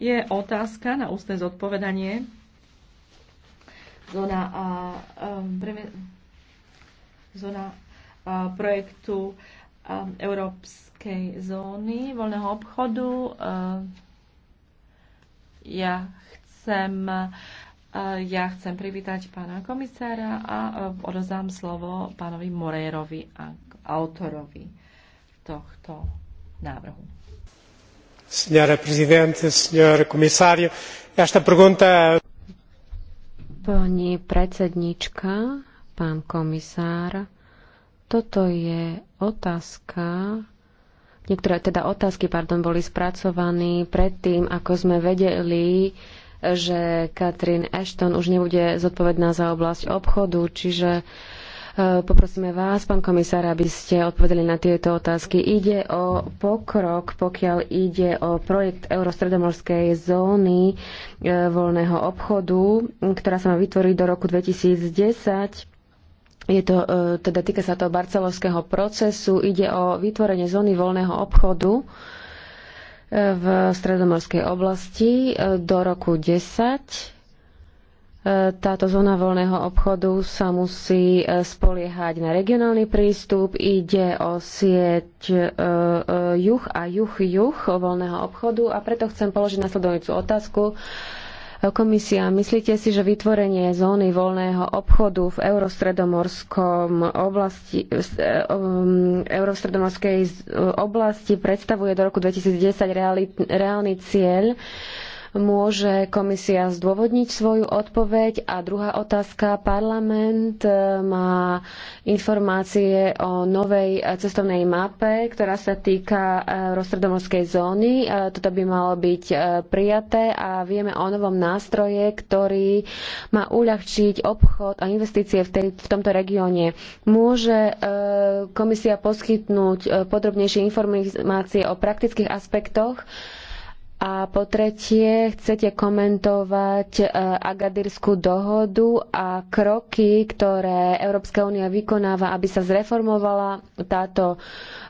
je otázka na ústne zodpovedanie. Zóna, a, a, um, breve, zóna a, projektu a, Európskej zóny voľného obchodu. A, ja chcem ja chcem privítať pána komisára a odozám slovo pánovi Morérovi, autorovi tohto návrhu. Senhora Presidente, Senhor Comissário, esta pergunta... Pani predsednička, pán komisár, toto je otázka, niektoré teda otázky, pardon, boli spracované predtým, ako sme vedeli, že Katrin Ashton už nebude zodpovedná za oblasť obchodu, čiže uh, Eh, poprosíme vás, pán komisár, aby ste odpovedali na tieto otázky. Ide o pokrok, pokiaľ ide o projekt Eurostredomorskej zóny eh, voľného obchodu, ktorá sa má vytvoriť do roku 2010. Je to, eh, teda týka sa toho barcelovského procesu, ide o vytvorenie zóny voľného obchodu v stredomorskej oblasti do roku 10 E, táto zóna voľného obchodu sa musí e, spoliehať na regionálny prístup. Ide o sieť e, juh a juh-juh voľného obchodu a preto chcem položiť nasledujúcu otázku. Komisia, myslíte si, že vytvorenie zóny voľného obchodu v eurostredomorskom oblasti, um, eurostredomorskej oblasti predstavuje do roku 2010 reálny cieľ, Môže komisia zdôvodniť svoju odpoveď? A druhá otázka. Parlament e, má informácie o novej e, cestovnej mape, ktorá sa týka e, rozstredomorskej zóny. Toto by malo byť prijaté a vieme o novom nástroje, ktorý má uľahčiť obchod a investície v, tomto regióne. Môže komisia poskytnúť podrobnejšie informácie o praktických aspektoch a po tretie, chcete komentovať e, Agadirskú dohodu a kroky, ktoré Európska únia vykonáva, aby sa zreformovala táto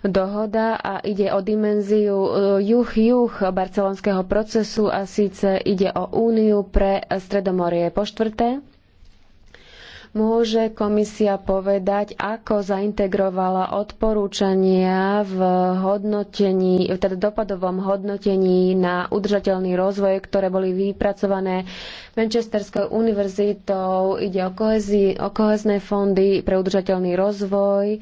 dohoda a ide o dimenziu e, juh-juh barcelonského procesu a síce ide o úniu pre Stredomorie. Po štvrté, Môže komisia povedať, ako zaintegrovala odporúčania v hodnotení, teda dopadovom hodnotení na udržateľný rozvoj, ktoré boli vypracované Manchesterskou univerzitou. Ide o, kohezi, o kohezné fondy pre udržateľný rozvoj.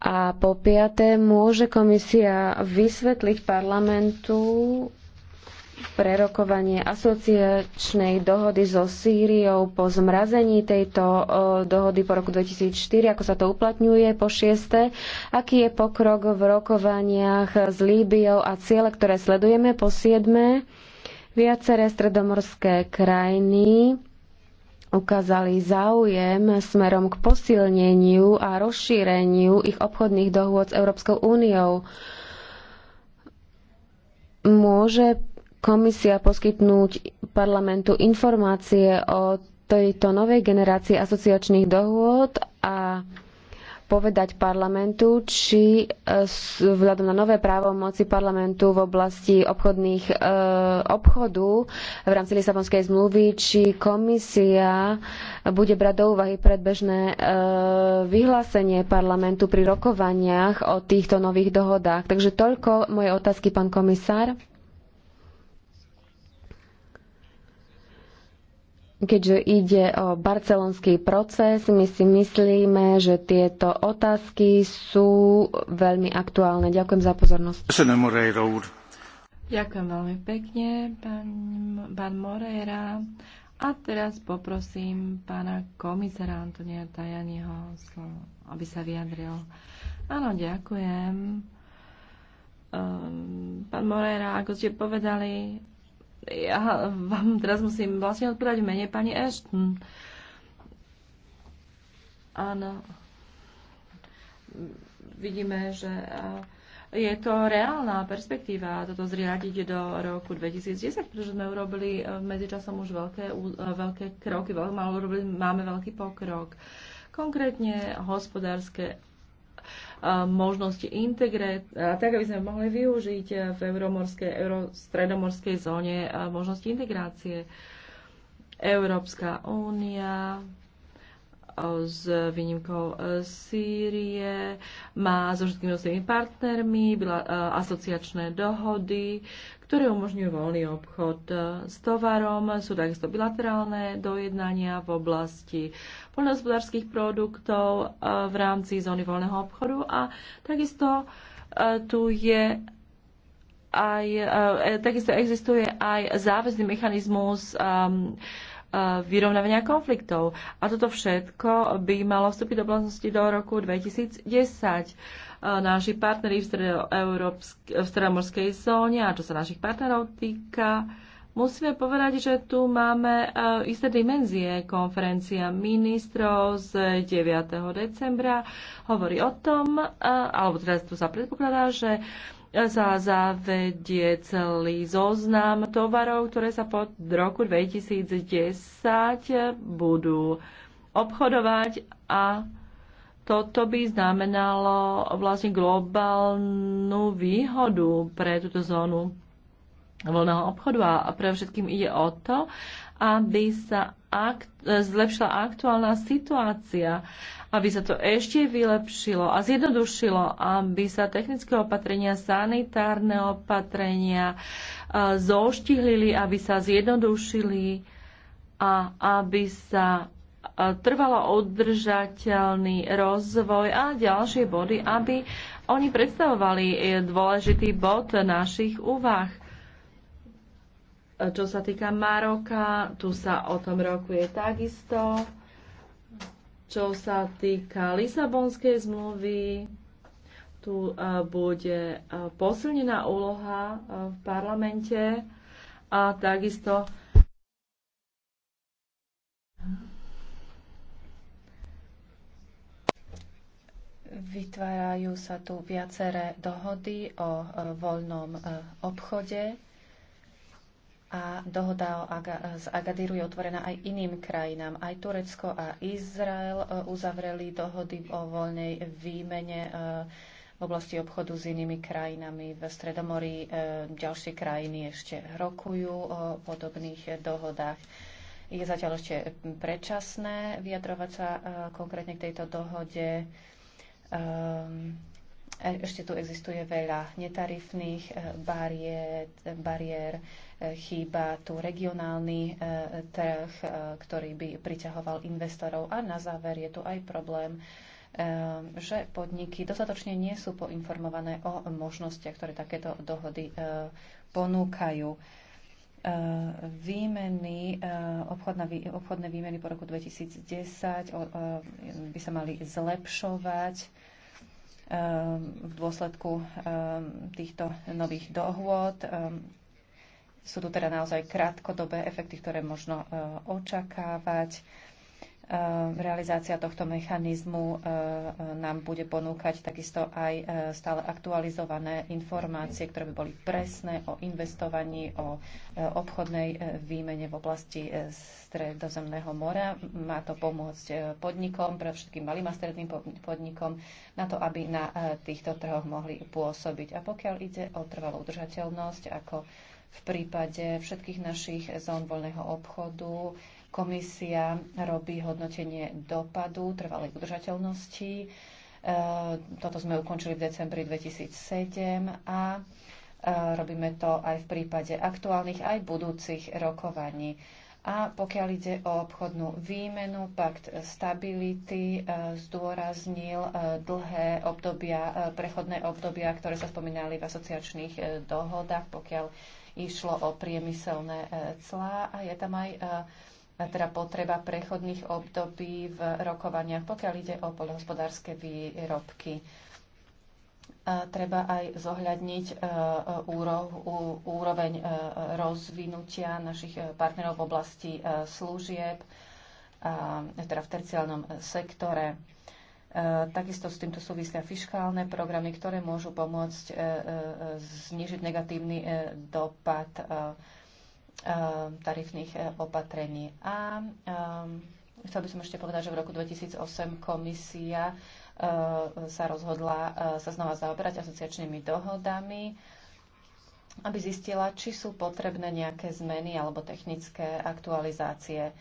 A po piaté, môže komisia vysvetliť parlamentu, prerokovanie asociačnej dohody so Sýriou po zmrazení tejto e, dohody po roku 2004, ako sa to uplatňuje po šieste, aký je pokrok v rokovaniach s Líbiou a ciele, ktoré sledujeme po siedme. Viaceré stredomorské krajiny ukázali záujem smerom k posilneniu a rozšíreniu ich obchodných dohôd s Európskou úniou. Môže komisia poskytnúť parlamentu informácie o tejto novej generácii asociačných dohôd a povedať parlamentu, či e, vzhľadom na nové právomoci parlamentu v oblasti obchodných e, obchodu v rámci Lisabonskej zmluvy, či komisia bude brať do úvahy predbežné e, vyhlásenie parlamentu pri rokovaniach o týchto nových dohodách. Takže toľko moje otázky, pán komisár. Keďže ide o barcelonský proces, my si myslíme, že tieto otázky sú veľmi aktuálne. Ďakujem za pozornosť. Ďakujem veľmi pekne, pán, pán Moreira. A teraz poprosím pána komisára Antonia Tajaniho, aby sa vyjadril. Áno, ďakujem. Ehm, pán Moreira, ako ste povedali, ja vám teraz musím vlastne odpovedať mene pani Ashton. Áno. Vidíme, že eh, je to reálna perspektíva toto zriadiť do roku 2010, pretože sme urobili eh, medzičasom už veľké, eh, veľké kroky, veľ, máme veľký pokrok. Konkrétne hospodárske možnosti integre, tak aby sme mohli využiť v euromorskej, eurostredomorskej zóne možnosti integrácie. Európska únia s výnimkou Sýrie, má so všetkými svojimi partnermi asociačné dohody, ktoré umožňujú voľný obchod e, s tovarom. Sú takisto bilaterálne dojednania v oblasti poľnohospodárských produktov e, v rámci zóny voľného obchodu a takisto e, tu je aj, takisto existuje aj záväzný mechanizmus vyrovnávania konfliktov. A toto všetko by malo vstúpiť do platnosti do roku 2010 naši partneri v, v stredomorskej zóne a čo sa našich partnerov týka. Musíme povedať, že tu máme e, isté dimenzie. Konferencia ministrov z 9. decembra hovorí o tom, e, alebo teraz tu sa predpokladá, že sa zavedie celý zoznam tovarov, ktoré sa po roku 2010 budú obchodovať a toto by znamenalo vlastne globálnu výhodu pre túto zónu voľného obchodu a pre všetkým ide o to, aby sa akt, zlepšila aktuálna situácia, aby sa to ešte vylepšilo a zjednodušilo, aby sa technické opatrenia, sanitárne opatrenia e, zoštihlili, aby sa zjednodušili a aby sa trvalo udržateľný rozvoj a ďalšie body, aby oni predstavovali e, dôležitý bod našich úvah. Čo sa týka Maroka, tu sa o tom roku je takisto. Čo sa týka Lisabonskej zmluvy, tu e, bude e, posilnená úloha v parlamente a takisto Vytvárajú sa tu viaceré dohody o e, voľnom e, obchode a dohoda z Agadíru je otvorená aj iným krajinám. Aj Turecko a Izrael e, uzavreli dohody o voľnej výmene v oblasti obchodu s inými krajinami. V Stredomorí ďalšie krajiny ešte rokujú o podobných dohodách. Je zatiaľ ešte predčasné vyjadrovať sa konkrétne k tejto dohode. Um, ešte tu existuje veľa netarifných e, bariér, bariér e, chýba tu regionálny trh, ktorý by priťahoval investorov a na záver je tu aj problém, že podniky dostatočne nie sú poinformované o možnostiach, ktoré takéto dohody ponúkajú výmeny, eh, obchodná, obchodné výmeny po roku 2010 eh, by sa mali zlepšovať eh, v dôsledku týchto nových dohôd. Sú tu teda naozaj krátkodobé efekty, ktoré možno očakávať Eh, realizácia tohto mechanizmu eh, nám bude ponúkať takisto aj eh, stále aktualizované informácie, ktoré by boli presné o investovaní, o obchodnej výmene v oblasti Stredozemného mora. Má to pomôcť podnikom, pre všetkým malým a stredným podnikom, na to, aby na týchto trhoch mohli pôsobiť. A pokiaľ ide o trvalú udržateľnosť, ako v prípade všetkých našich zón voľného obchodu, Komisia robí hodnotenie dopadu trvalej udržateľnosti. E, toto sme ukončili v decembri 2007 a e, robíme to aj v prípade aktuálnych, aj budúcich rokovaní. A pokiaľ ide o obchodnú výmenu, pakt stability e, zdôraznil dlhé obdobia, prechodné obdobia, ktoré sa spomínali v asociačných dohodách, pokiaľ išlo o priemyselné clá a je tam aj teda potreba prechodných období v rokovaniach, pokiaľ ide o poľhospodárske výrobky. A treba aj zohľadniť e, e, úroveň e, rozvinutia našich partnerov v oblasti služieb, teda v terciálnom sektore. Takisto s týmto súvisia fiskálne programy, ktoré môžu pomôcť znižiť negatívny dopad Eh, tarifných eh, opatrení. A eh, chcel by som ešte povedať, že v roku 2008 komisia sa rozhodla sa znova zaoberať asociačnými dohodami aby zistila, či sú potrebné nejaké zmeny alebo technické aktualizácie.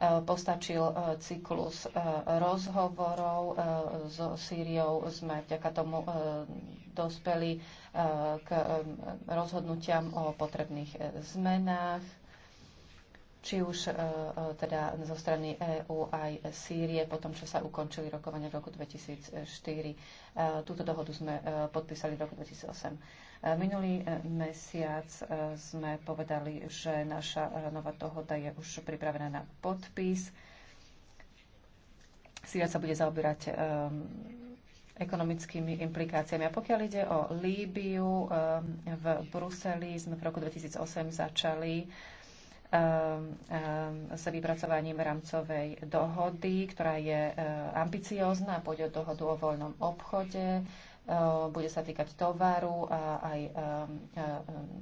E, postačil e, cyklus e, rozhovorov so Sýriou. Sme vďaka tomu dospeli k rozhodnutiam o potrebných zmenách či už e, e, teda zo strany EÚ aj Sýrie, po tom, čo sa ukončili rokovania v roku 2004. E, túto dohodu sme podpísali v roku 2008. Minulý mesiac sme povedali, že naša nová dohoda je už pripravená na podpis. Sýria sa bude zaoberať ekonomickými implikáciami. A pokiaľ ide o Líbiu, v Bruseli sme v roku 2008 začali Ehm, ehm, s vypracovaním rámcovej dohody, ktorá je eh, ambiciózna, pôjde o dohodu o voľnom obchode, eh, bude sa týkať tovaru a aj ehm,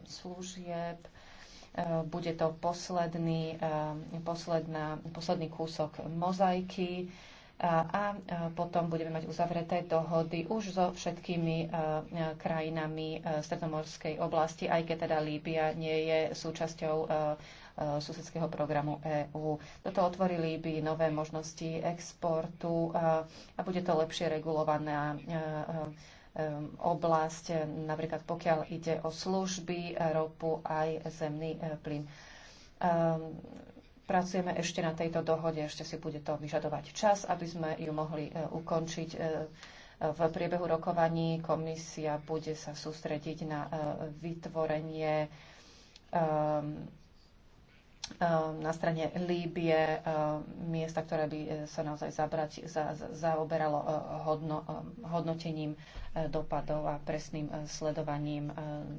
služieb. Eh, bude to posledný, posledná, posledný kúsok mozaiky a potom budeme mať uzavreté dohody už so všetkými krajinami Stredomorskej oblasti, aj keď teda Líbia nie je súčasťou Eh, susedského programu EÚ. Toto otvorili by nové možnosti exportu eh, a bude to lepšie regulovaná eh, oblasť, napríklad pokiaľ ide o služby, ropu aj zemný plyn. Pracujeme ešte na tejto dohode, ešte si bude to vyžadovať čas, aby sme ju mohli ukončiť. V priebehu rokovaní komisia bude sa sústrediť na vytvorenie Ehm, na strane Líbie ehm, miesta, ktoré by e, sa naozaj zabrať, za, zaoberalo e, hodno, ehm, hodnotením e, dopadov a presným sledovaním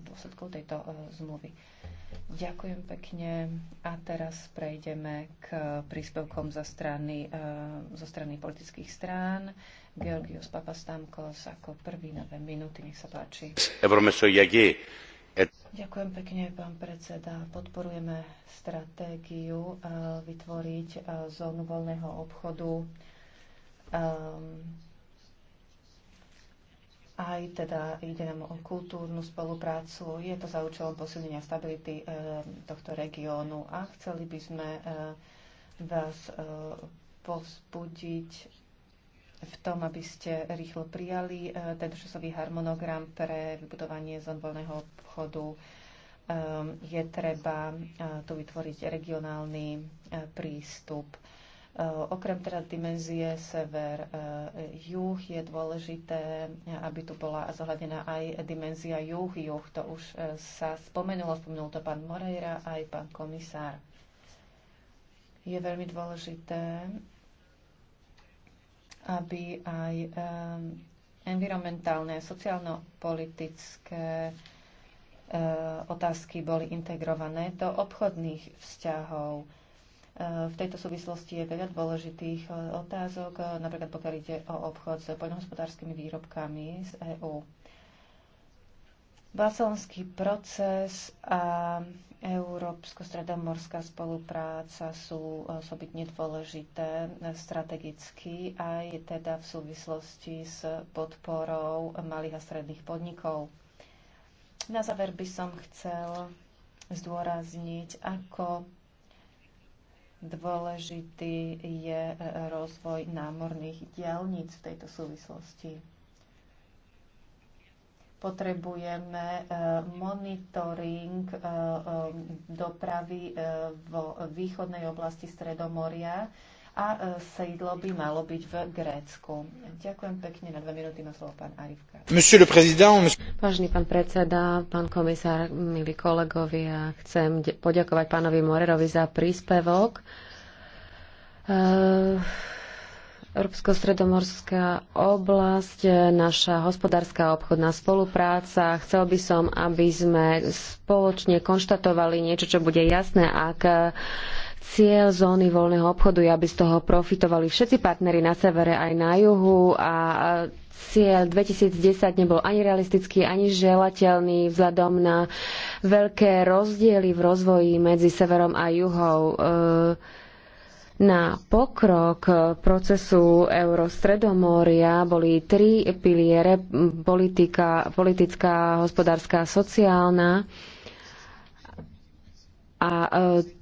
dôsledkov tejto zmluvy. Ďakujem pekne a teraz prejdeme k príspevkom zo strany, zo strany politických strán. Georgios Papastamkos ako prvý na dve minúty, nech sa páči. Evromeso, jak je? Ďakujem pekne, pán predseda. Podporujeme stratégiu eh, vytvoriť eh, zónu voľného obchodu ehm, aj teda ide nám o kultúrnu spoluprácu. Je to za účelom posilnenia stability e, tohto regiónu a chceli by sme e, vás e, povzbudiť v tom, aby ste rýchlo prijali eh, ten časový harmonogram pre vybudovanie zón voľného obchodu. Ehm, je treba eh, tu vytvoriť regionálny eh, prístup. Okrem teda dimenzie sever-juh je dôležité, aby tu bola zohľadená aj dimenzia juh-juh. To už sa spomenulo, spomenul to pán Moreira aj pán komisár. Je veľmi dôležité, aby aj environmentálne a sociálno-politické eh, otázky boli integrované do obchodných vzťahov. Eh, v tejto súvislosti je veľa dôležitých eh, otázok, napríklad pokiaľ ide o obchod s poľnohospodárskymi výrobkami z EÚ. Barcelonský proces a Európsko-stredomorská spolupráca sú osobitne dôležité strategicky aj teda v súvislosti s podporou malých a stredných podnikov. Na záver by som chcel zdôrazniť, ako dôležitý je rozvoj námorných diálnic v tejto súvislosti potrebujeme eh, monitoring eh, eh, dopravy vo východnej oblasti Stredomoria a sídlo by malo byť v Grécku. Ďakujem pekne. Na dve minúty má slovo pán Arivka. Vážený pán predseda, pán komisár, milí kolegovia, chcem poďakovať pánovi Morerovi za príspevok. Uh Európsko-stredomorská oblasť, naša hospodárska a obchodná spolupráca. Chcel by som, aby sme spoločne konštatovali niečo, čo bude jasné, ak cieľ zóny voľného obchodu je, aby z toho profitovali všetci partnery na severe aj na juhu a cieľ 2010 nebol ani realistický, ani želateľný vzhľadom na veľké rozdiely v rozvoji medzi severom a juhou. E- na pokrok procesu Eurostredomoria boli tri piliere politika, politická, hospodárska, a sociálna. A e,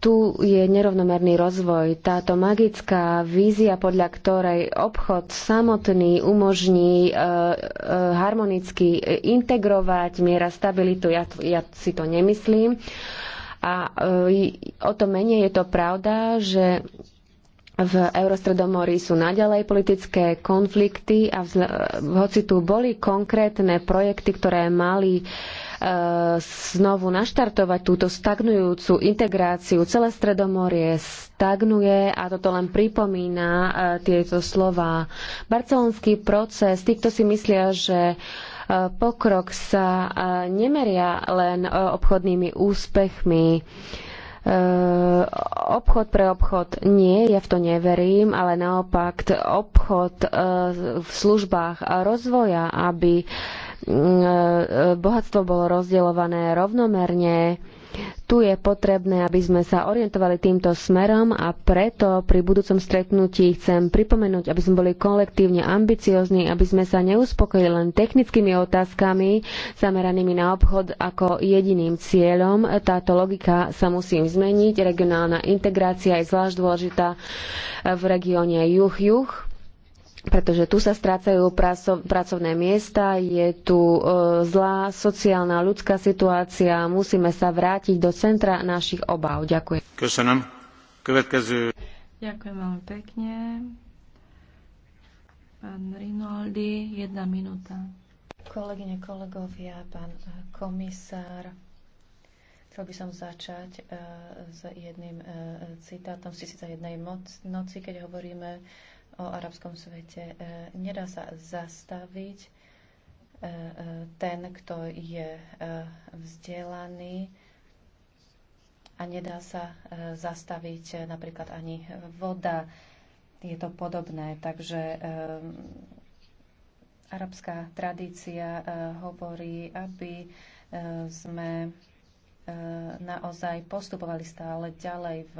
tu je nerovnomerný rozvoj. Táto magická vízia, podľa ktorej obchod samotný umožní e, e, harmonicky integrovať miera stabilitu, ja, ja si to nemyslím. A o to menej je to pravda, že v Eurostredomorí sú naďalej politické konflikty a vzle, hoci tu boli konkrétne projekty, ktoré mali e, znovu naštartovať túto stagnujúcu integráciu, celé Stredomorie stagnuje a toto len pripomína e, tieto slova. Barcelonský proces, tí, kto si myslia, že e, pokrok sa e, nemeria len e, obchodnými úspechmi, obchod pre obchod nie, ja v to neverím, ale naopak obchod v službách rozvoja, aby mm, bohatstvo bolo rozdeľované rovnomerne, tu je potrebné, aby sme sa orientovali týmto smerom a preto pri budúcom stretnutí chcem pripomenúť, aby sme boli kolektívne ambiciozni, aby sme sa neuspokojili len technickými otázkami zameranými na obchod ako jediným cieľom. Táto logika sa musí zmeniť. Regionálna integrácia je zvlášť dôležitá v regióne juh-juh pretože tu sa strácajú pracovné miesta, je tu e, zlá sociálna ľudská situácia, musíme sa vrátiť do centra našich obáv. Ďakujem. Ďakujem veľmi pekne. Pán Rinaldi, jedna minúta. Kolegyne, kolegovia, pán komisár, Chcel by som začať uh, s jedným uh, citátom z 1001 noci, keď hovoríme o arabskom svete. E, nedá sa zastaviť e, e, ten, kto je vzdelaný a nedá sa zastaviť napríklad ani voda. Je to podobné, takže arabská tradícia hovorí, aby sme naozaj postupovali stále ďalej v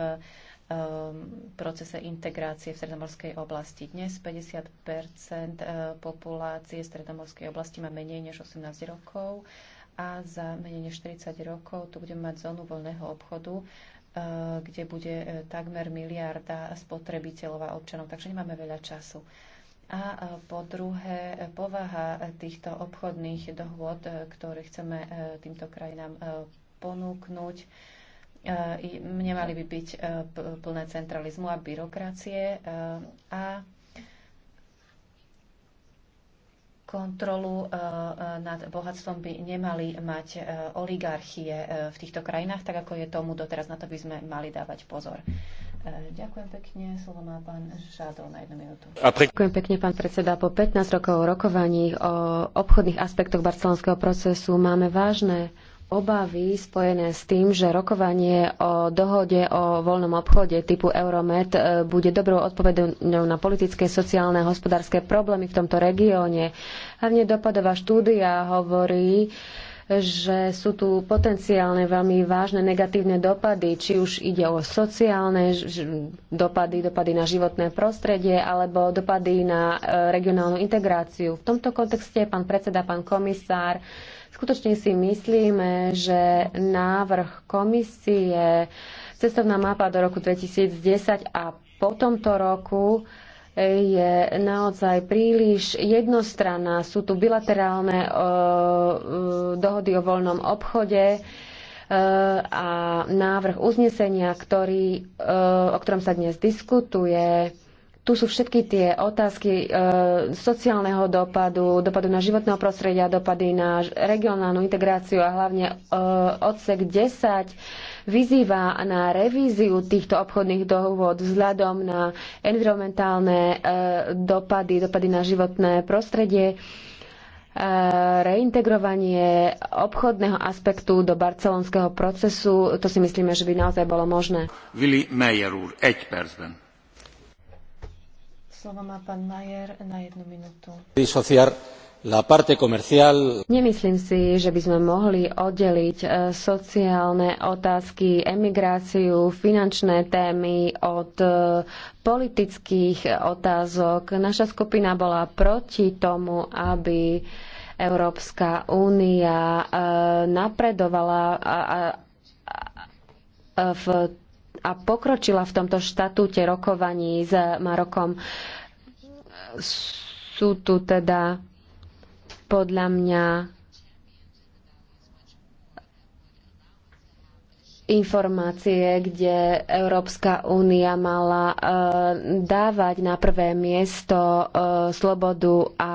Um, procese integrácie v stredomorskej oblasti. Dnes 50 uh, populácie stredomorskej oblasti má menej než 18 rokov a za menej než 40 rokov tu budeme mať zónu voľného obchodu, uh, kde bude uh, takmer miliarda spotrebiteľov a občanov, takže nemáme veľa času. A po druhé, povaha týchto obchodných dohôd, ktoré chceme týmto krajinám ponúknuť, E, nemali by byť e, plné centralizmu a byrokracie e, a kontrolu nad bohatstvom by nemali mať oligarchie v týchto krajinách, tak ako je tomu doteraz. Na to by sme mali dávať pozor. Ďakujem pekne. Slovo má pán Žádov na jednu minútu. Ďakujem pekne, pán predseda. Po 15 rokov rokovaní o obchodných aspektoch barcelonského procesu máme vážne obavy spojené s tým, že rokovanie o dohode o voľnom obchode typu Euromed e, bude dobrou odpovedou na politické, sociálne a hospodárske problémy v tomto regióne. Hlavne dopadová štúdia hovorí, že sú tu potenciálne veľmi vážne negatívne dopady, či už ide o sociálne dopady, dopady na životné prostredie alebo dopady na e, regionálnu integráciu. V tomto kontexte, pán predseda, pán komisár, Skutočne si myslíme, že návrh komisie, cestovná mapa do roku 2010 a po tomto roku je naozaj príliš jednostranná. Sú tu bilaterálne e, e, dohody o voľnom obchode e, a návrh uznesenia, ktorý, o ktorom sa dnes diskutuje, tu sú všetky tie otázky e, sociálneho dopadu, dopadu na životného prostredia, dopady na regionálnu integráciu a hlavne e, odsek 10 vyzýva na revíziu týchto obchodných dohôd vzhľadom na environmentálne e, dopady, dopady na životné prostredie. E, reintegrovanie obchodného aspektu do barcelonského procesu, to si myslíme, že by naozaj bolo možné. Willy Meyer 1 Nemyslím si, že by sme mohli oddeliť e, sociálne otázky, emigráciu, finančné témy od e, politických otázok. Naša skupina bola proti tomu, aby Európska únia e, napredovala v a pokročila v tomto štatúte rokovaní s Marokom. Sú tu teda podľa mňa informácie, kde Európska únia mala e, dávať na prvé miesto e, slobodu a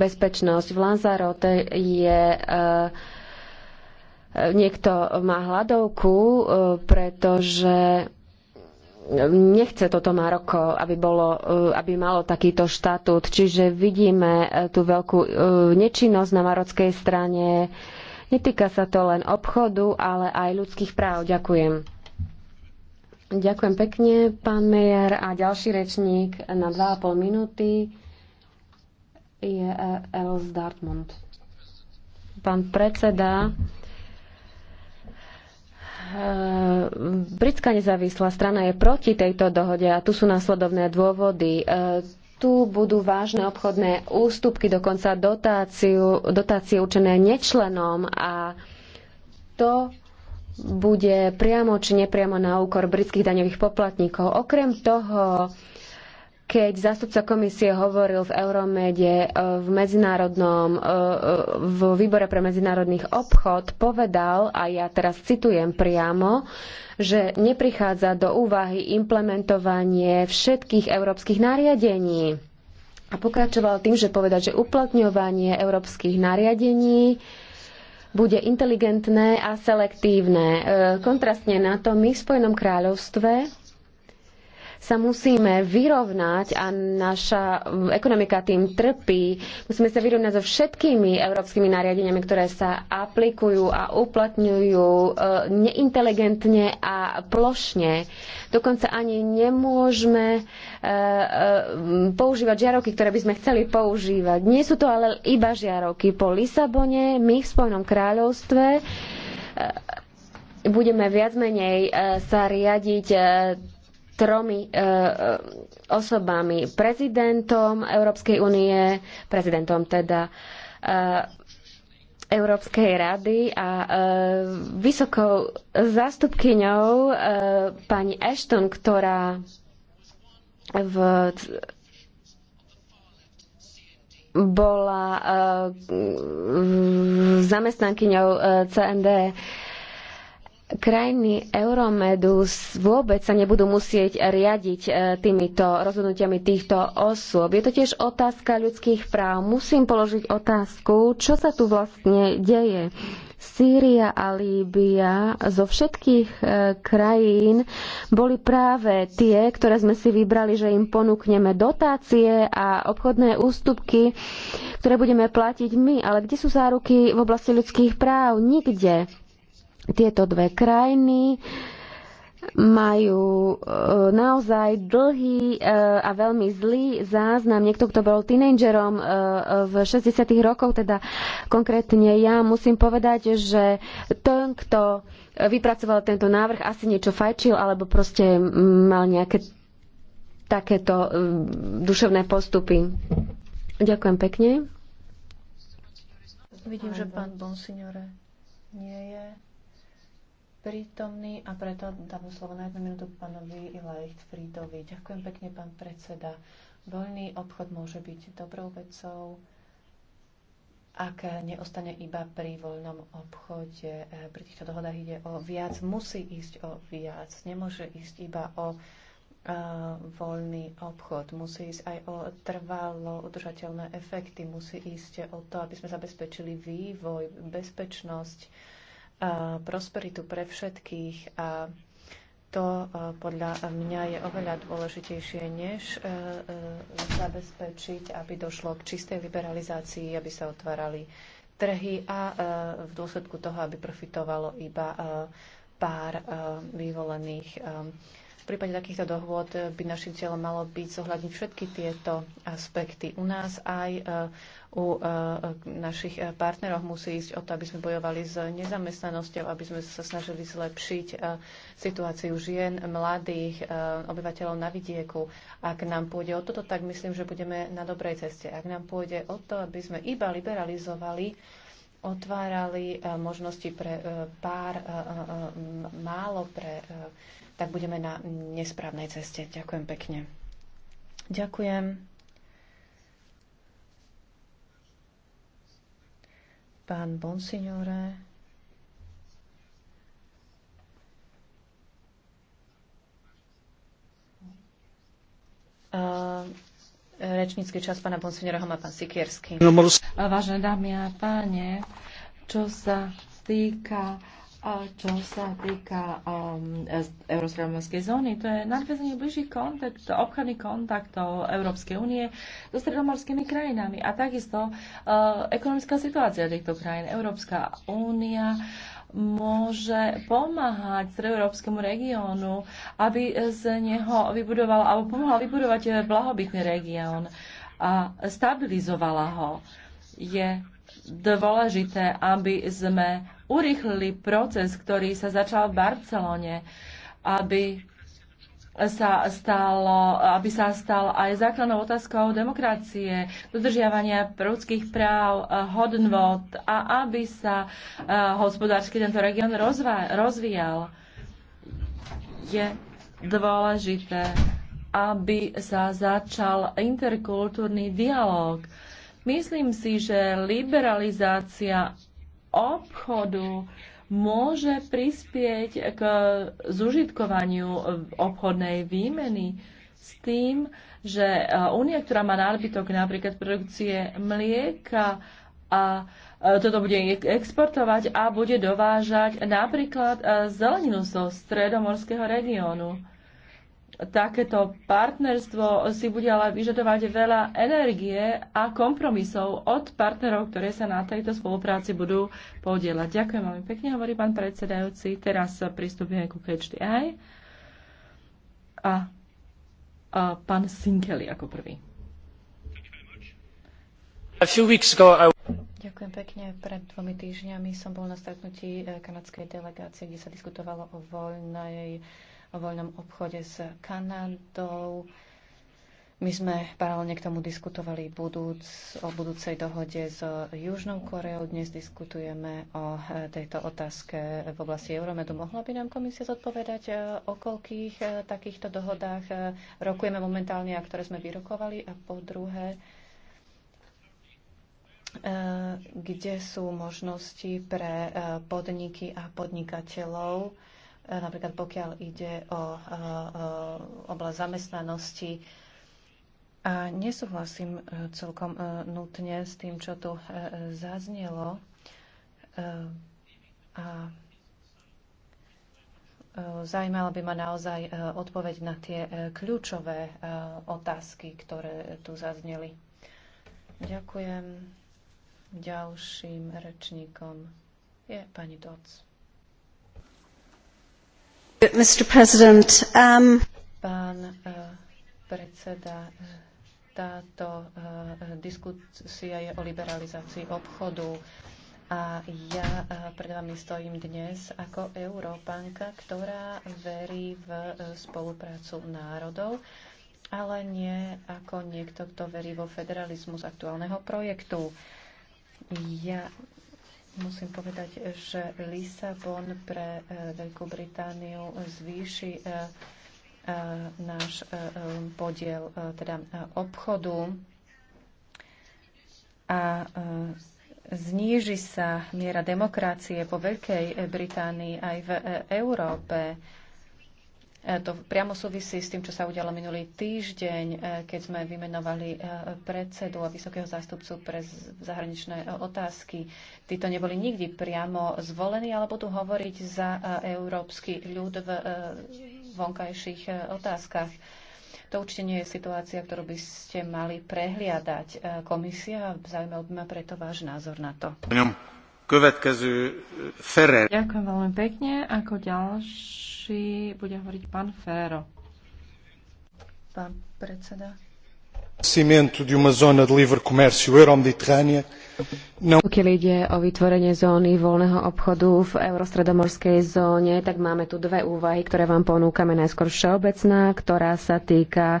bezpečnosť. V Lanzarote je e, niekto má hladovku, e, pretože nechce toto Maroko, aby, bolo, e, aby malo takýto štatút. Čiže vidíme e, tú veľkú nečinnosť na marockej strane. Netýka sa to len obchodu, ale aj ľudských práv. Ďakujem. Ďakujem pekne, pán Mejer. A ďalší rečník na 2,5 minúty je Els Dartmund. Pán predseda, Eh, britská nezávislá strana je proti tejto dohode a tu sú následovné dôvody. Eh, tu budú vážne obchodné ústupky, dokonca dotáciu, dotácie určené nečlenom a to bude priamo či nepriamo na úkor britských daňových poplatníkov. Okrem toho, keď zástupca komisie hovoril v Euromede e, v medzinárodnom, e, e, v výbore pre medzinárodných obchod, povedal, a ja teraz citujem priamo, že neprichádza do úvahy implementovanie všetkých európskych nariadení. A pokračoval tým, že povedať, že uplatňovanie európskych nariadení bude inteligentné a selektívne. Kontrastne na to my v Spojenom kráľovstve sa musíme vyrovnať a naša ekonomika tým trpí. Musíme sa vyrovnať so všetkými európskymi nariadeniami, ktoré sa aplikujú a uplatňujú e, neinteligentne a plošne. Dokonca ani nemôžeme e, e, používať žiarovky, ktoré by sme chceli používať. Nie sú to ale iba žiarovky. Po Lisabone my v Spojenom kráľovstve budeme viac menej sa riadiť tromi e, e, osobami. Prezidentom Európskej únie, prezidentom teda e, Európskej rady a e, vysokou zástupkyňou e, pani Ashton, ktorá v, bola e, zamestnankyňou e, CND. E, krajiny Euromedu vôbec sa nebudú musieť riadiť e, týmito rozhodnutiami týchto osôb. Je to tiež otázka ľudských práv. Musím položiť otázku, čo sa tu vlastne deje. Sýria a Líbia zo všetkých e, krajín boli práve tie, ktoré sme si vybrali, že im ponúkneme dotácie a obchodné ústupky, ktoré budeme platiť my. Ale kde sú záruky v oblasti ľudských práv? Nikde tieto dve krajiny majú e, naozaj dlhý e, a veľmi zlý záznam. Niekto, kto bol tínedžerom e, v 60. rokoch, teda konkrétne ja, musím povedať, že ten, kto vypracoval tento návrh, asi niečo fajčil alebo proste mal nejaké takéto duševné postupy. Ďakujem pekne. Vidím, že pán Bonsignore nie je prítomný a preto dám slovo na jednu minútu pánovi Ilajt Fridovi. Ďakujem pekne, pán predseda. Voľný obchod môže byť dobrou vecou, ak neostane iba pri voľnom obchode. Pri týchto dohodách ide o viac, musí ísť o viac, nemôže ísť iba o voľný obchod, musí ísť aj o trvalo udržateľné efekty, musí ísť o to, aby sme zabezpečili vývoj, bezpečnosť, prosperitu pre všetkých a to podľa mňa je oveľa dôležitejšie, než e, e, zabezpečiť, aby došlo k čistej liberalizácii, aby sa otvárali trhy a e, v dôsledku toho, aby profitovalo iba pár vyvolených v prípade takýchto dohôd by našim cieľom malo byť zohľadniť všetky tieto aspekty. U nás aj e, u e, našich e, partnerov musí ísť o to, aby sme bojovali s nezamestnanosťou, aby sme sa snažili zlepšiť situáciu žien, mladých, obyvateľov na vidieku. Ak nám pôjde o toto, tak myslím, že budeme na dobrej ceste. Ak nám pôjde o to, aby sme iba liberalizovali otvárali eh, možnosti pre eh, pár eh, málo, pre, tak budeme na nesprávnej ceste. Ďakujem pekne. Ďakujem. Pán Bonsignore. rečnícky čas pána Bonsignora Homa, pán Sikiersky. Vážené dámy a páne, čo sa týka čo sa týka um, Európskej zóny, to je nadväzenie bližších kontakt, obchodných kontaktov Európskej únie so stredomorskými krajinami a takisto uh, ekonomická situácia týchto krajín. Európska únia uh, môže pomáhať stredoeurópskemu regiónu, aby z neho vybudoval, alebo pomohla vybudovať blahobytný región a stabilizovala ho. Je dôležité, aby sme urýchlili proces, ktorý sa začal v Barcelone, aby sa stalo, aby sa stal aj základnou otázkou demokracie, dodržiavania ľudských práv, eh, hodnot a aby sa eh, hospodársky tento región rozvíjal. Je dôležité, aby sa začal interkultúrny dialog. Myslím si, že liberalizácia obchodu môže prispieť k zužitkovaniu obchodnej výmeny s tým, že e, únia, ktorá má nábytok napríklad produkcie mlieka a e, toto bude exportovať a bude dovážať napríklad e, zeleninu zo stredomorského regiónu. Takéto partnerstvo si bude ale vyžadovať veľa energie a kompromisov od partnerov, ktoré sa na tejto spolupráci budú podielať. Ďakujem veľmi pekne, hovorí pán predsedajúci. Teraz pristúpime ku HDI. A, a pán Sinkeli ako prvý. Ďakujem pekne. Pred dvomi týždňami som bol na stretnutí eh, kanadskej delegácie, kde sa diskutovalo o voľnej o voľnom obchode s Kanadou. My sme paralelne k tomu diskutovali budúc, o budúcej dohode s Južnou Koreou. Dnes diskutujeme o tejto otázke v oblasti Euromedu. Mohla by nám komisia zodpovedať, e, o koľkých e, takýchto dohodách e, rokujeme momentálne a ktoré sme vyrokovali? A po druhé, kde sú možnosti pre podniky a podnikateľov E, napríklad pokiaľ ide o e, e, oblasť zamestnanosti. A nesúhlasím celkom nutne s tým, čo tu zaznelo. A zaujímala by ma naozaj odpoveď na tie kľúčové otázky, ktoré tu zazneli. Ďakujem. Ďalším rečníkom je pani Doc. Um... Pán eh, predseda, eh, táto eh, diskusia je o liberalizácii obchodu. A ja pred vami stojím dnes ako Európanka, ktorá verí v spoluprácu národov, ale nie ako niekto, kto verí vo federalizmus aktuálneho projektu. Ja musím povedať, že Lisabon pre e, Veľkú Britániu zvýši e, e, náš podiel teda obchodu a zníži sa miera demokracie po Veľkej Británii aj v Európe. E, to priamo súvisí s tým, čo sa udialo minulý týždeň, e, keď sme vymenovali e, predsedu a vysokého zástupcu pre zahraničné otázky. Títo neboli nikdy priamo zvolení, ale budú hovoriť za európsky ľud v vonkajších otázkach. To určite nie je situácia, ktorú by ste mali prehliadať komisia. Zaujímal by ma preto váš názor na to. Következő Ferrer. Ďakujem veľmi pekne. Ako ďalší bude hovoriť pán Ferro. Pán predseda. Cimento de uma zona de livre comércio euromediterrânea Pokiaľ ide o vytvorenie zóny voľného obchodu v eurostredomorskej zóne, tak máme tu dve úvahy, ktoré vám ponúkame. Najskôr všeobecná, ktorá sa týka e,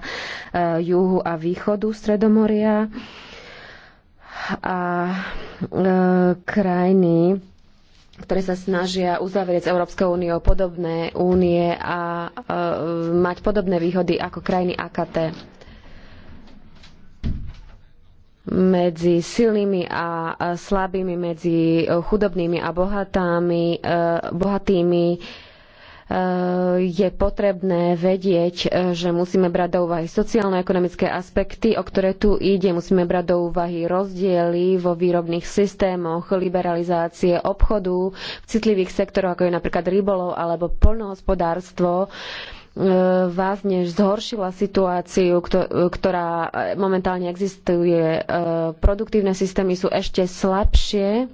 juhu a východu Stredomoria a e, krajiny ktoré sa snažia uzavrieť s Európskou úniou podobné únie a e, mať podobné výhody ako krajiny AKT. Medzi silnými a slabými, medzi chudobnými a bohatými, e, bohatými, bohatými je potrebné vedieť, e, že musíme brať do úvahy sociálno-ekonomické aspekty, o ktoré tu ide. Musíme brať do úvahy rozdiely vo výrobných systémoch, liberalizácie obchodu v citlivých sektoroch, ako je napríklad rybolov alebo poľnohospodárstvo e, vážne zhoršila situáciu, e, ktorá momentálne existuje. Produktívne systémy sú ešte slabšie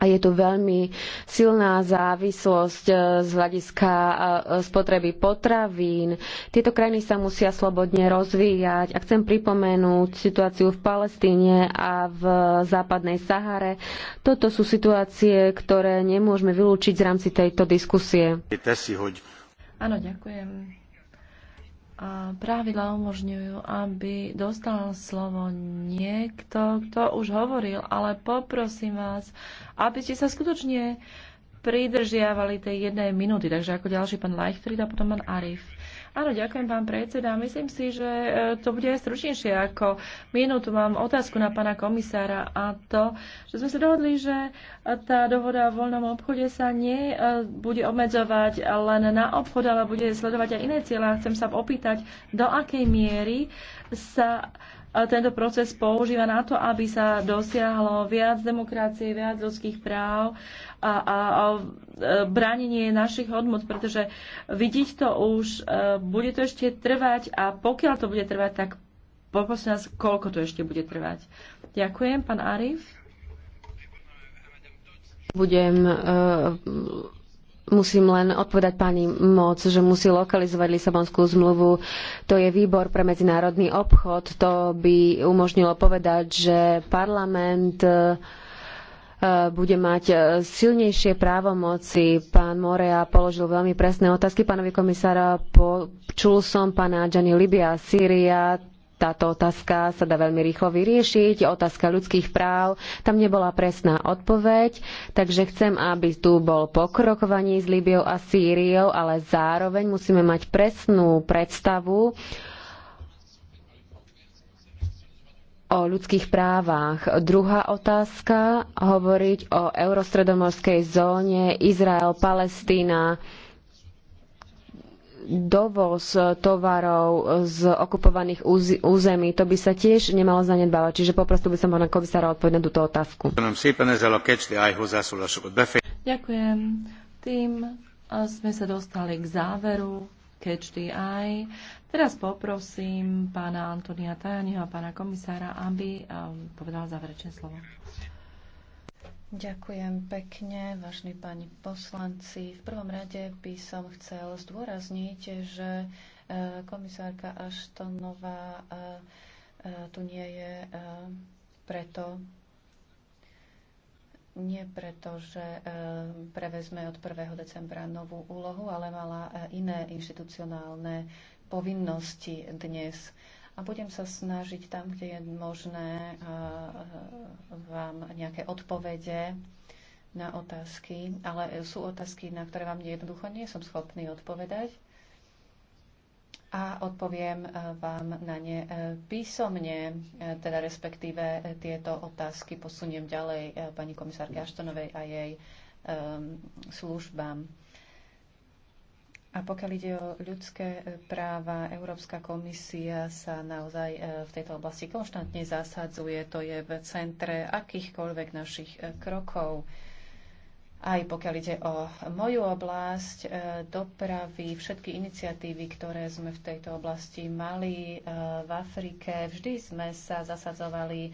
a je tu veľmi silná závislosť e, z hľadiska e, spotreby potravín. Tieto krajiny sa musia slobodne rozvíjať. A chcem pripomenúť situáciu v Palestíne a v západnej Sahare. Toto sú situácie, ktoré nemôžeme vylúčiť z rámci tejto diskusie. Áno, ďakujem pravidla umožňujú, aby dostal slovo niekto, kto už hovoril, ale poprosím vás, aby ste sa skutočne pridržiavali tej jednej minúty. Takže ako ďalší pán Leichfried a potom pán Arif. Áno, ďakujem, pán predseda. Myslím si, že e, to bude aj stručnejšie ako minútu. Mám otázku na pána komisára a to, že sme sa dohodli, že tá dohoda o voľnom obchode sa nebude e, obmedzovať len na obchod, ale bude sledovať aj iné cieľa. Chcem sa opýtať, do akej miery sa tento proces používa na to, aby sa dosiahlo viac demokracie, viac ľudských práv a, a, a e, bránenie našich hodnot, pretože vidieť to už, e, bude to ešte trvať a pokiaľ to bude trvať, tak poprosím nás, koľko to ešte bude trvať. Ďakujem, pán Arif. Budem uh Musím len odpovedať pani Moc, že musí lokalizovať Lisabonskú zmluvu. To je výbor pre medzinárodný obchod. To by umožnilo povedať, že parlament e, bude mať e, silnejšie právomoci. Pán Morea položil veľmi presné otázky pánovi komisára. Počul som pána Gianni Libia, Sýria táto otázka sa dá veľmi rýchlo vyriešiť. Otázka ľudských práv, tam nebola presná odpoveď, takže chcem, aby tu bol pokrokovaní s Líbiou a Sýriou, ale zároveň musíme mať presnú predstavu o ľudských právach. Druhá otázka, hovoriť o eurostredomorskej zóne Izrael, Palestína, dovoz tovarov z okupovaných území. To by sa tiež nemalo zanedbávať. Čiže poprosil by som pána komisára odpovedať na túto otázku. Ďakujem. Tým sme sa dostali k záveru Catch the Eye. Teraz poprosím pána Antonia Tajaniho a pána komisára, aby povedal záverečné slovo. Ďakujem pekne, vážni páni poslanci. V prvom rade by som chcel zdôrazniť, že e, komisárka Aštonová e, e, tu nie je preto, nie preto, že prevezme od 1. decembra novú úlohu, ale mala iné inštitucionálne povinnosti dnes a budem sa snažiť tam, kde je možné, vám nejaké odpovede na otázky, ale sú otázky, na ktoré vám jednoducho nie som schopný odpovedať a odpoviem vám na ne e, písomne, e, teda respektíve e, tieto otázky posuniem ďalej pani komisárke Aštonovej a jej službám. A pokiaľ ide o ľudské e, práva, Európska komisia sa naozaj e, v tejto oblasti konštantne zasadzuje. To je v centre akýchkoľvek našich e, krokov. Aj pokiaľ ide o moju oblasť dopravy, všetky iniciatívy, ktoré sme v tejto oblasti mali v Afrike, vždy sme sa zasadzovali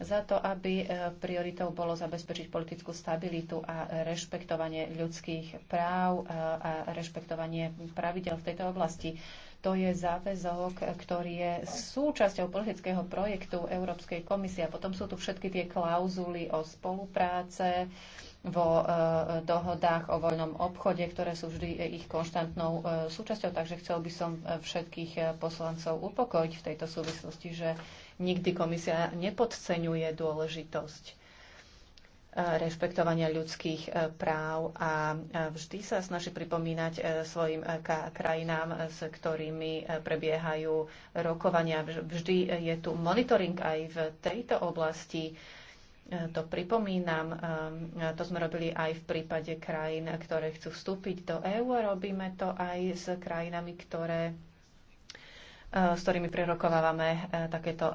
za to, aby e, prioritou bolo zabezpečiť politickú stabilitu a rešpektovanie ľudských práv e, a rešpektovanie pravidel v tejto oblasti. To je záväzok, ktorý je súčasťou politického projektu Európskej komisie. A potom sú tu všetky tie klauzuly o spolupráce, vo e, dohodách o voľnom obchode, ktoré sú vždy ich konštantnou súčasťou. Takže chcel by som všetkých poslancov upokojiť v tejto súvislosti, že Nikdy komisia nepodceňuje dôležitosť e, rešpektovania ľudských e, práv a vždy sa snaží pripomínať e, svojim krajinám, s ktorými prebiehajú rokovania. Vždy je tu monitoring aj v tejto oblasti. To pripomínam, to sme robili aj v prípade krajín, ktoré chcú vstúpiť do EÚ a robíme to aj s krajinami, ktoré Eh, s ktorými prerokovávame eh, takéto eh,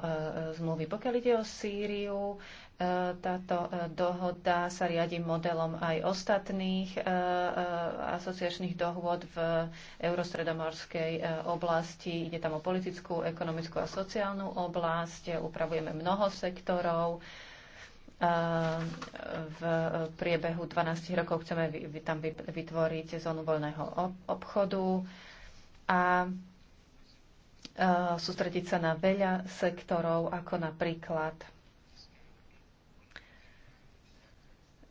zmluvy. Pokiaľ ide o Sýriu, táto dohoda sa riadi modelom aj ostatných asociačných dohôd v eurostredomorskej oblasti. Ide tam o politickú, ekonomickú a sociálnu oblasť. Upravujeme mnoho sektorov v priebehu 12 rokov chceme tam vytvoriť zónu voľného obchodu a Eh, sústrediť sa na veľa sektorov, ako napríklad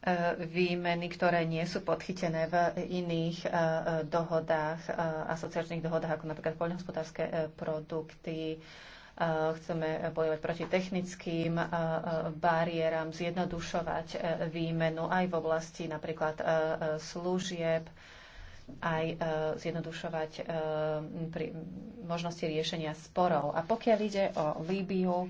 eh, výmeny, ktoré nie sú podchytené v iných eh, dohodách, asociačných dohodách, ako napríklad poľnohospodárske produkty. Chceme bojovať proti technickým bariéram, zjednodušovať výmenu aj v oblasti napríklad služieb aj e, zjednodušovať e, pri možnosti riešenia sporov. A pokiaľ ide o Líbiu,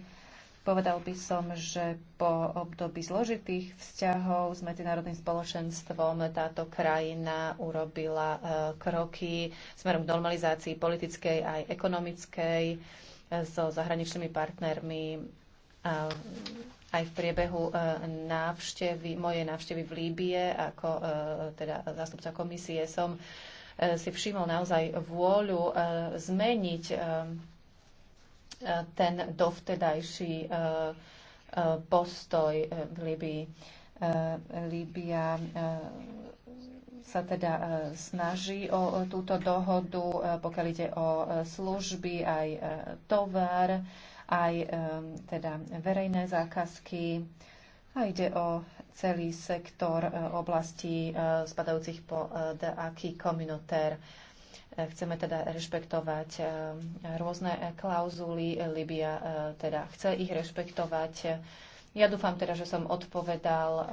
povedal by som, že po období zložitých vzťahov s medzinárodným spoločenstvom táto krajina urobila e, kroky smerom k normalizácii politickej aj ekonomickej so zahraničnými partnermi aj v priebehu e, návštevy, mojej návštevy v Líbie, ako e, teda zástupca komisie som e, si všimol naozaj vôľu zmeniť ten dovtedajší postoj v Líbii. Líbia sa teda snaží o túto dohodu, pokiaľ ide o služby, aj tovar aj teda verejné zákazky a ide o celý sektor e, oblastí e, spadajúcich po e, DAKI komunitér. Chceme teda rešpektovať rôzne klauzuly. Libia teda chce ich rešpektovať. Ja dúfam teda, že som odpovedal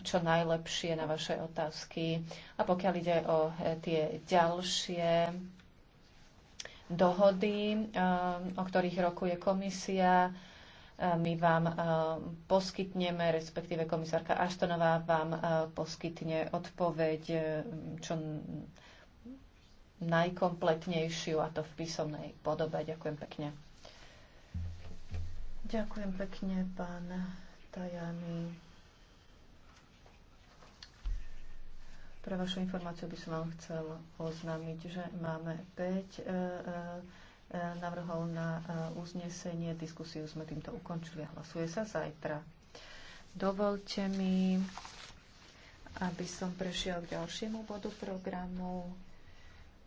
čo najlepšie na vaše otázky. A pokiaľ ide o tie ďalšie, dohody, eh, o ktorých rokuje komisia. Eh, my vám eh, poskytneme, respektíve komisárka Aštonová vám poskytne odpoveď čo najkompletnejšiu a to v písomnej podobe. Ďakujem pekne. Ďakujem pekne, pán Tajani. Pre vašu informáciu by som vám chcel oznámiť, že máme 5 e, e, e, navrhov na uznesenie. Diskusiu sme týmto ukončili a hlasuje sa zajtra. Dovolte mi, aby som prešiel k ďalšiemu bodu programu.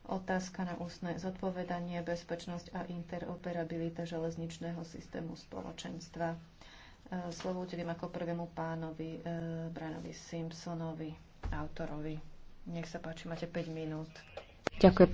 Otázka na ústne zodpovedanie, bezpečnosť a interoperabilita železničného systému spoločenstva. Slovo udelím ako prvému pánovi e, Branovi Simpsonovi autorovi. Nech sa páči, máte 5 minút. Ďakujem.